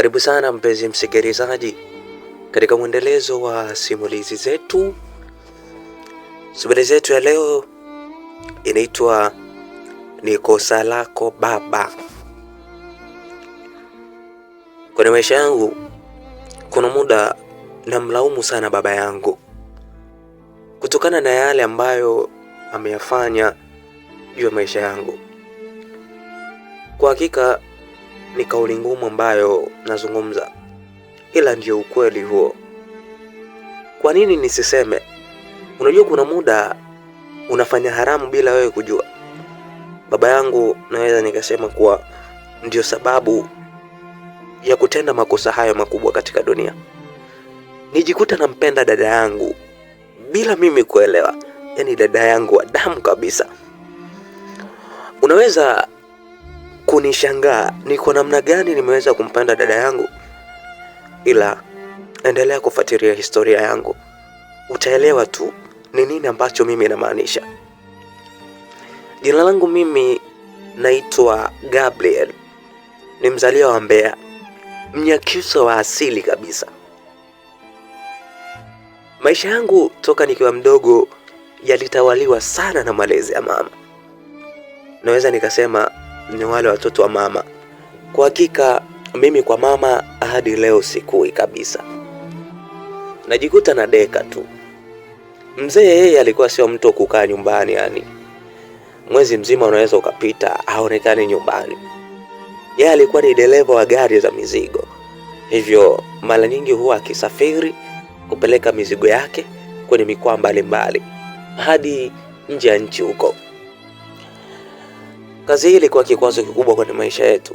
Karibu sana mpenzi msikilizaji, katika mwendelezo wa simulizi zetu. Simulizi yetu ya leo inaitwa ni kosa lako baba. Kwenye maisha yangu kuna muda namlaumu sana baba yangu kutokana na yale ambayo ameyafanya juu ya maisha yangu. Kwa hakika ni kauli ngumu ambayo nazungumza, ila ndiyo ukweli huo. Kwa nini nisiseme? Unajua, kuna muda unafanya haramu bila wewe kujua. Baba yangu naweza nikasema kuwa ndiyo sababu ya kutenda makosa hayo makubwa katika dunia. Nijikuta nampenda dada yangu bila mimi kuelewa, yaani dada yangu wa damu kabisa. Unaweza kunishangaa ni kwa namna gani nimeweza kumpenda dada yangu, ila endelea kufuatilia historia yangu, utaelewa tu ni nini ambacho mimi namaanisha. Jina langu mimi naitwa Gabriel, ni mzalia wa Mbeya, Mnyakyusa wa asili kabisa. Maisha yangu toka nikiwa mdogo yalitawaliwa sana na malezi ya mama, naweza nikasema ni wale watoto wa mama. Kwa hakika mimi kwa mama hadi leo sikui kabisa, najikuta na deka tu. Mzee yeye alikuwa sio mtu wa kukaa nyumbani, yani mwezi mzima unaweza ukapita haonekani nyumbani. Yeye alikuwa ni dereva wa gari za mizigo, hivyo mara nyingi huwa akisafiri kupeleka mizigo yake kwenye mikoa mbalimbali hadi nje ya nchi huko. Kazi hii ilikuwa kikwazo kikubwa kwenye maisha yetu,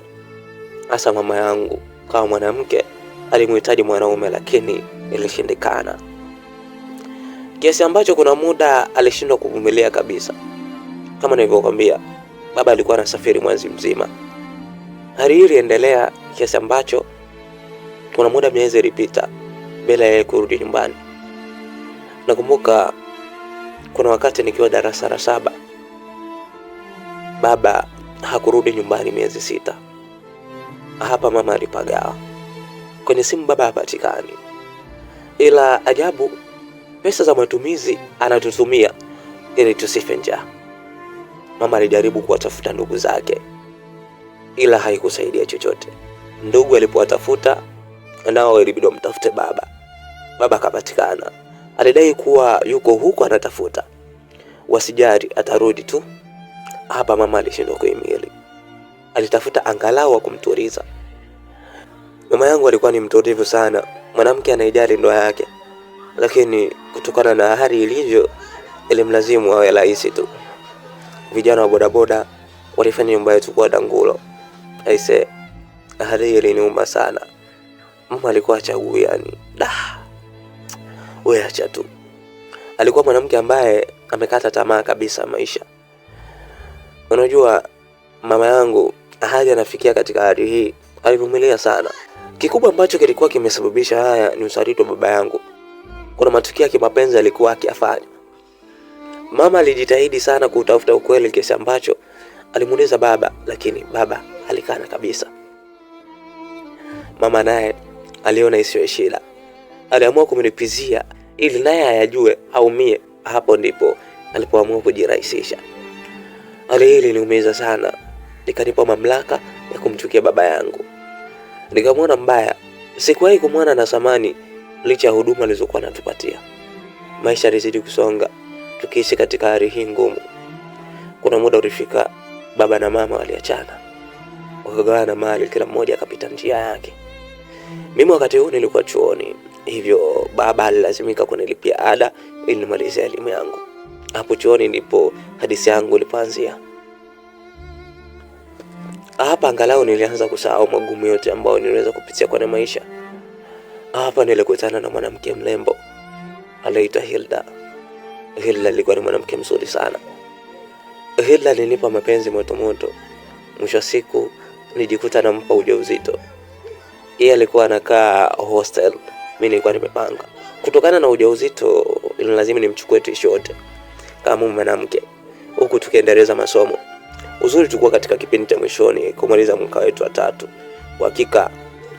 hasa mama yangu kama mwanamke alimhitaji mwanaume, lakini ilishindikana, kiasi ambacho kuna muda alishindwa kuvumilia kabisa. Kama nilivyokwambia, baba alikuwa anasafiri mwezi mzima. Hali hii iliendelea kiasi ambacho kuna muda miezi ilipita bila yeye kurudi nyumbani. Nakumbuka kuna wakati nikiwa darasa la saba Baba hakurudi nyumbani miezi sita. Hapa mama alipagawa. Kwenye simu baba hapatikani, ila ajabu, pesa za matumizi anatutumia ili tusife njaa. Mama alijaribu kuwatafuta ndugu zake, ila haikusaidia chochote. Ndugu alipowatafuta nao ilibidi wamtafute baba. Baba akapatikana, alidai kuwa yuko huko anatafuta, wasijari atarudi tu. Hapa mama alishindwa kuhimili, alitafuta angalau wa kumtuliza. Mama yangu alikuwa ni mtulivu sana, mwanamke anaijali ndoa yake, lakini kutokana na hali ilivyo ilimlazimu awe rahisi tu. Vijana wa bodaboda walifanya nyumba yetu kuwa dangulo. Aise, hali iliniuma sana. Mama alikuwa achagui, yani da wewe, acha tu. Alikuwa mwanamke ambaye amekata tamaa kabisa maisha. Unajua mama yangu hadi anafikia katika hali hii alivumilia sana. Kikubwa ambacho kilikuwa kimesababisha haya ni usaliti wa baba yangu. Kuna matukio ya kimapenzi alikuwa akiyafanya. Mama alijitahidi sana kutafuta ukweli, kiasi ambacho alimuuliza baba, lakini baba alikana kabisa. Mama naye aliona isiyo shida, aliamua kumlipizia ili naye ayajue, aumie. Hapo ndipo alipoamua kujirahisisha. Hali hii iliniumiza sana, nikanipa mamlaka ya kumchukia baba yangu. Nikamwona mbaya, sikuwahi kumwona na samani licha ya huduma alizokuwa anatupatia. Maisha yalizidi kusonga, tukiishi katika hali hii ngumu. Kuna muda ulifika, baba na mama waliachana, wakagawana mali, kila mmoja akapita njia yake. Mimi wakati huu nilikuwa chuoni, hivyo baba alilazimika kunilipia ada ili nimalize elimu yangu. Hapo chuoni ndipo hadithi yangu ilipoanzia. Hapa angalau nilianza kusahau magumu yote ambayo niliweza kupitia kwenye maisha. Hapa nilikutana na mwanamke mrembo aliyeitwa Hilda. Hilda alikuwa ni mwanamke mzuri sana. Hilda alinipa mapenzi moto moto. Mwisho wa siku nijikuta nampa ujauzito. Yeye alikuwa anakaa hostel, mimi nilikuwa nimepanga. Kutokana na ujauzito, ililazima nimchukue tuishi wote kama mwanamke, huku tukiendeleza masomo. Uzuri tulikuwa katika kipindi cha mwishoni kumaliza mwaka wetu wa tatu. Kwa hakika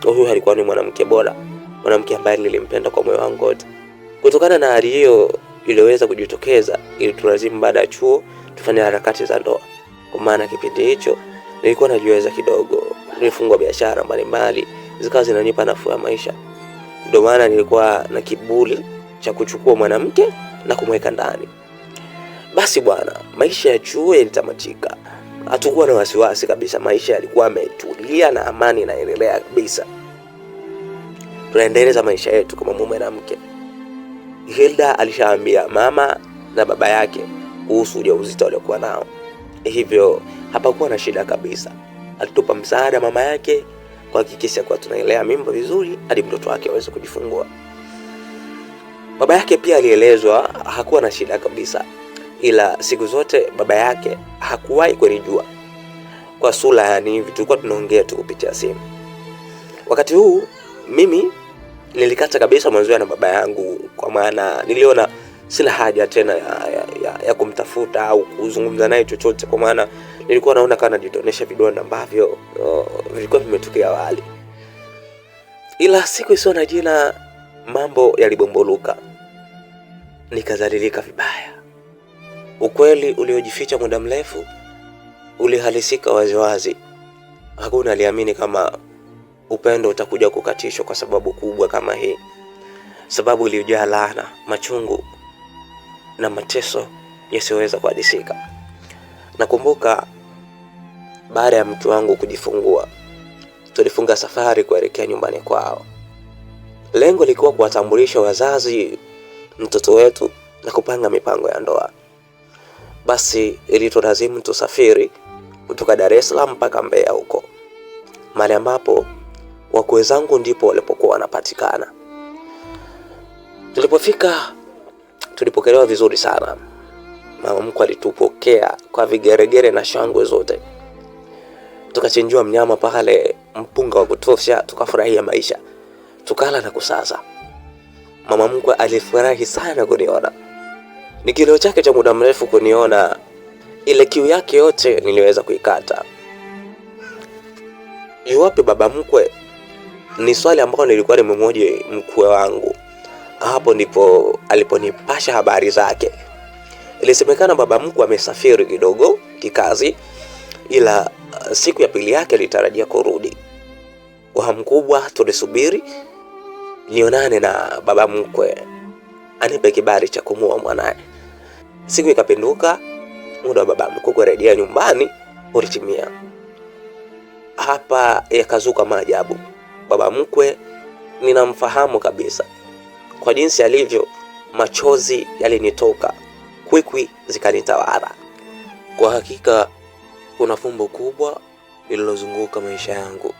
huyu alikuwa ni mwanamke bora, mwanamke ambaye nilimpenda kwa moyo wangu wote. Kutokana na hali hiyo iliyoweza kujitokeza, ili tulazimu baada ya chuo tufanye harakati za ndoa. Kwa maana kipindi hicho nilikuwa najiweza kidogo, nilifungwa biashara mbalimbali zikawa zinanipa nafuu ya maisha. Ndio maana nilikuwa na kiburi cha kuchukua mwanamke na kumweka ndani. Basi bwana, maisha ya chuo yalitamatika. Hatukuwa na wasiwasi kabisa, maisha yalikuwa yametulia na amani inaendelea kabisa. Tunaendeleza maisha yetu kama mume na mke. Hilda alishaambia mama na baba yake kuhusu ujauzito waliokuwa nao, hivyo hapakuwa na shida kabisa. Alitupa msaada mama yake kuhakikisha kuwa tunaelea mimba vizuri hadi mtoto wake aweze kujifungua. Baba yake pia alielezwa, hakuwa na shida kabisa ila siku zote baba yake hakuwahi kulijua kwa sura, yani hivi tulikuwa tunaongea tu kupitia simu. Wakati huu mimi nilikata kabisa mwanzo na baba yangu, kwa maana niliona sina haja tena ya, ya, ya, ya kumtafuta au kuzungumza naye chochote, kwa maana nilikuwa naona kana jitonesha vidonda ambavyo vilikuwa vimetokea awali. Ila siku isiyo na jina mambo yalibomboluka, nikadhalilika vibaya. Ukweli uliojificha muda mrefu ulihalisika waziwazi. Hakuna aliamini kama upendo utakuja kukatishwa kwa sababu kubwa kama hii, sababu iliyojaa laana, machungu na mateso yasiyoweza kuhadisika. Nakumbuka baada ya mtu wangu kujifungua, tulifunga safari kuelekea nyumbani kwao. Lengo lilikuwa kuwatambulisha wazazi mtoto wetu na kupanga mipango ya ndoa basi ilitulazimu tusafiri kutoka Dar es Salaam mpaka Mbeya huko mahali ambapo wakwe zangu ndipo walipokuwa wanapatikana. Tulipofika tulipokelewa vizuri sana. Mama mkwe alitupokea kwa vigeregere na shangwe zote, tukachinjua mnyama pale, mpunga wa kutosha, tukafurahia maisha, tukala na kusaza. Mama mkwe alifurahi sana kuniona. Ni kilio chake cha muda mrefu kuniona, ile kiu yake yote niliweza kuikata. Yuwapi baba mkwe? Ni swali ambalo nilikuwa nimemwoji mkwe wangu. Hapo ndipo aliponipasha habari zake. Ilisemekana baba mkwe amesafiri kidogo kikazi, ila uh, siku ya pili yake alitarajia kurudi. Kwa hamu tulisubiri nionane na baba mkwe anipe kibali cha kumua mwanaye. Siku ikapinduka, muda wa baba mkuu kurejea nyumbani ulitimia. Hapa yakazuka maajabu. Baba mkwe ninamfahamu kabisa kwa jinsi alivyo, machozi yalinitoka, kwikwi zikanitawala. Kwa hakika kuna fumbo kubwa lililozunguka maisha yangu.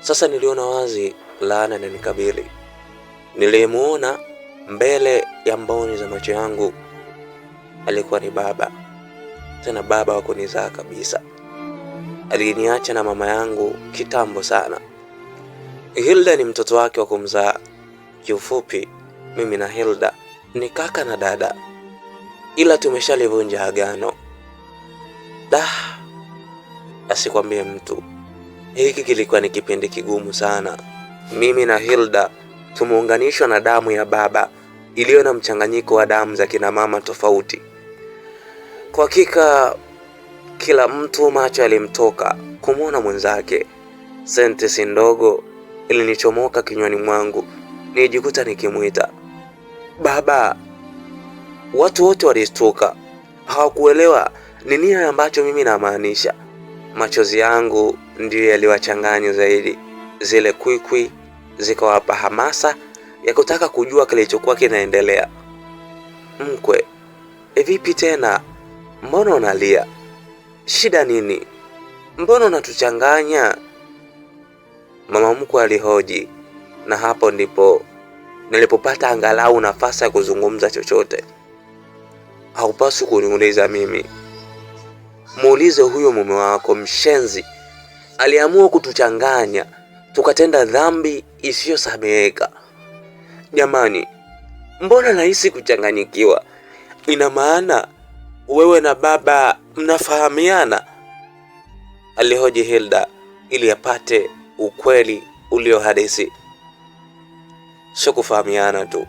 Sasa niliona wazi laana inanikabili. Nilimuona mbele ya mboni za macho yangu alikuwa ni baba, tena baba wa kunizaa kabisa. Aliniacha na mama yangu kitambo sana. Hilda ni mtoto wake wa kumzaa. Kiufupi, mimi na Hilda ni kaka na dada, ila tumeshalivunja agano. Da, asikwambie mtu. Hiki kilikuwa ni kipindi kigumu sana. Mimi na Hilda tumeunganishwa na damu ya baba iliyo na mchanganyiko wa damu za kina mama tofauti. Kwa hakika kila mtu macho yalimtoka kumwona mwenzake. Sentensi ndogo ilinichomoka kinywani mwangu, nijikuta nikimwita baba. Watu wote walistuka, hawakuelewa ni nini ambacho mimi namaanisha. Machozi yangu ndiyo yaliwachanganya zaidi. Zile kwikwi zikawapa hamasa ya kutaka kujua kilichokuwa kinaendelea. Mkwe, e, vipi tena? Mbona unalia? Shida nini? Mbona unatuchanganya? Mama mkwe alihoji, na hapo ndipo nilipopata angalau nafasi ya kuzungumza chochote. Haupaswi kuniuliza mimi, muulize huyo mume wako mshenzi. Aliamua kutuchanganya, tukatenda dhambi isiyosameheka. Jamani, mbona nahisi kuchanganyikiwa? Ina maana wewe na baba mnafahamiana? alihoji Hilda ili apate ukweli ulio hadisi Sio kufahamiana tu,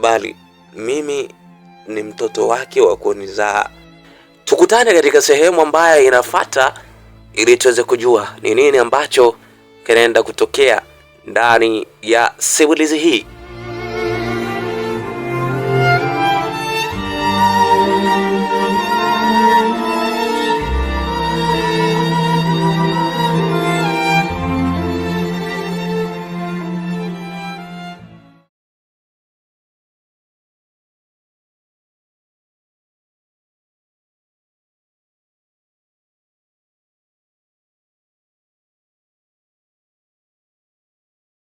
bali mimi ni mtoto wake wa kunizaa. Tukutane katika sehemu ambayo inafata ili tuweze kujua ni nini ambacho kinaenda kutokea ndani ya simulizi hii.